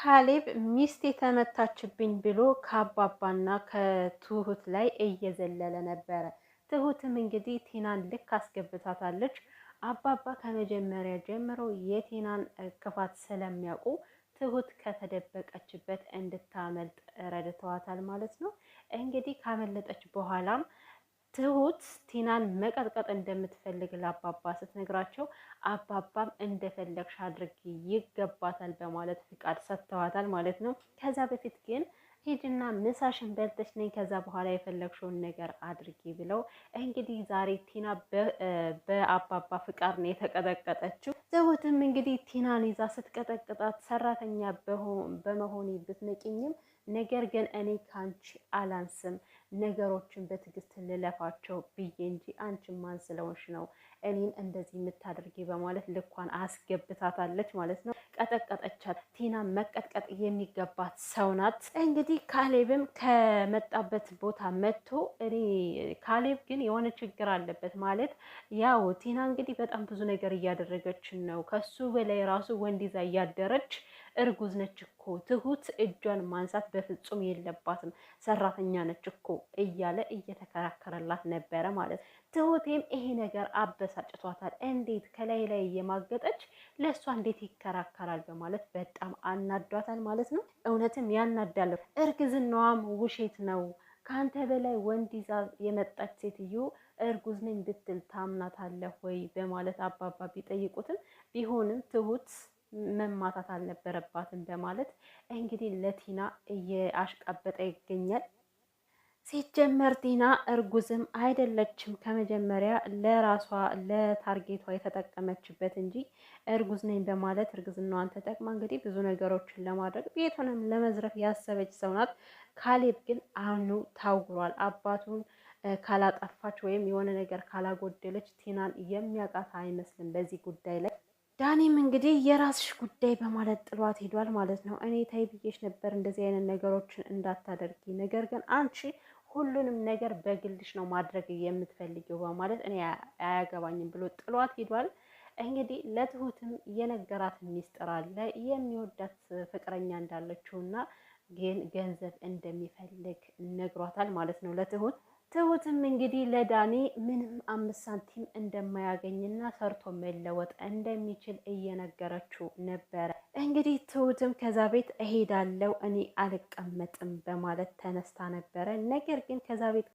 ካሌብ ሚስት የተመታችብኝ ብሎ ከአባባና ከትሁት ላይ እየዘለለ ነበረ። ትሁትም እንግዲህ ቲናን ልክ አስገብታታለች። አባባ ከመጀመሪያ ጀምሮ የቲናን ክፋት ስለሚያውቁ ትሁት ከተደበቀችበት እንድታመልጥ ረድተዋታል ማለት ነው። እንግዲህ ካመለጠች በኋላም ትሁት ቲናን መቀጥቀጥ እንደምትፈልግ ለአባባ ስትነግራቸው አባባም እንደፈለግሽ አድርጊ ይገባታል በማለት ፍቃድ ሰጥተዋታል ማለት ነው። ከዛ በፊት ግን ሂድና ምሳሽን በልተሽ ነኝ፣ ከዛ በኋላ የፈለግሽውን ነገር አድርጊ ብለው እንግዲህ ዛሬ ቲና በአባባ ፍቃድ ነው የተቀጠቀጠችው። ዘውትም እንግዲህ ቲናን ይዛ ስትቀጠቅጣት ሰራተኛ በመሆኔ ብትንቂኝም ነገር ግን እኔ ከአንቺ አላንስም፣ ነገሮችን በትዕግስት ልለፋቸው ብዬ እንጂ አንቺ ማን ስለሆንሽ ነው እኔን እንደዚህ የምታደርጊ? በማለት ልኳን አስገብታታለች ማለት ነው። ቀጠቀጠቻት። ቲና መቀጥቀጥ የሚገባት ሰው ናት እንግዲህ እንግዲህ ካሌብም ከመጣበት ቦታ መጥቶ እኔ ካሌብ ግን የሆነ ችግር አለበት ማለት ያው ቲና እንግዲህ በጣም ብዙ ነገር እያደረገችን ነው። ከሱ በላይ ራሱ ወንድ ይዛ እያደረች እርጉዝ ነች እኮ ትሁት እጇን ማንሳት በፍጹም የለባትም ሰራተኛ ነች እኮ እያለ እየተከራከረላት ነበረ ማለት ትሁቴም ይሄ ነገር አበሳጭቷታል። እንዴት ከላይ ላይ እየማገጠች ለእሷ እንዴት ይከራከራል በማለት በጣም አናዷታል ማለት ነው። እውነትም ያናዳል። እርግዝናዋም ውሸት ነው ከአንተ በላይ ወንድ ይዛ የመጣች ሴትዮ እርጉዝ ነኝ ብትል ታምናታለህ ወይ በማለት አባባ ቢጠይቁትም ቢሆንም ትሁት መማታት አልነበረባትም በማለት እንግዲህ ለቲና እየአሽቃበጠ ይገኛል። ሲጀመር ቲና እርጉዝም አይደለችም። ከመጀመሪያ ለራሷ ለታርጌቷ የተጠቀመችበት እንጂ እርጉዝ ነኝ በማለት እርግዝናዋን ተጠቅማ እንግዲህ ብዙ ነገሮችን ለማድረግ ቤቱንም ለመዝረፍ ያሰበች ሰው ናት። ካሌብ ግን አሁኑ ታውሯል። አባቱን ካላጠፋች ወይም የሆነ ነገር ካላጎደለች ቲናን የሚያውቃት አይመስልም በዚህ ጉዳይ ላይ ዳኒም እንግዲህ የራስሽ ጉዳይ በማለት ጥሏት ሄዷል ማለት ነው። እኔ ታይ ብዬሽ ነበር እንደዚህ አይነት ነገሮችን እንዳታደርጊ፣ ነገር ግን አንቺ ሁሉንም ነገር በግልሽ ነው ማድረግ የምትፈልጊው በማለት እኔ አያገባኝም ብሎ ጥሏት ሄዷል። እንግዲህ ለትሁትም የነገራት ሚስጥር አለ የሚወዳት ፍቅረኛ እንዳለችውና ግን ገንዘብ እንደሚፈልግ ነግሯታል ማለት ነው ለትሁት ትሁትም እንግዲህ ለዳኒ ምንም አምስት ሳንቲም እንደማያገኝና ሰርቶ መለወጥ እንደሚችል እየነገረችው ነበረ። እንግዲህ ትሁትም ከዛ ቤት እሄዳለሁ እኔ አልቀመጥም በማለት ተነስታ ነበረ። ነገር ግን ከዛ ቤት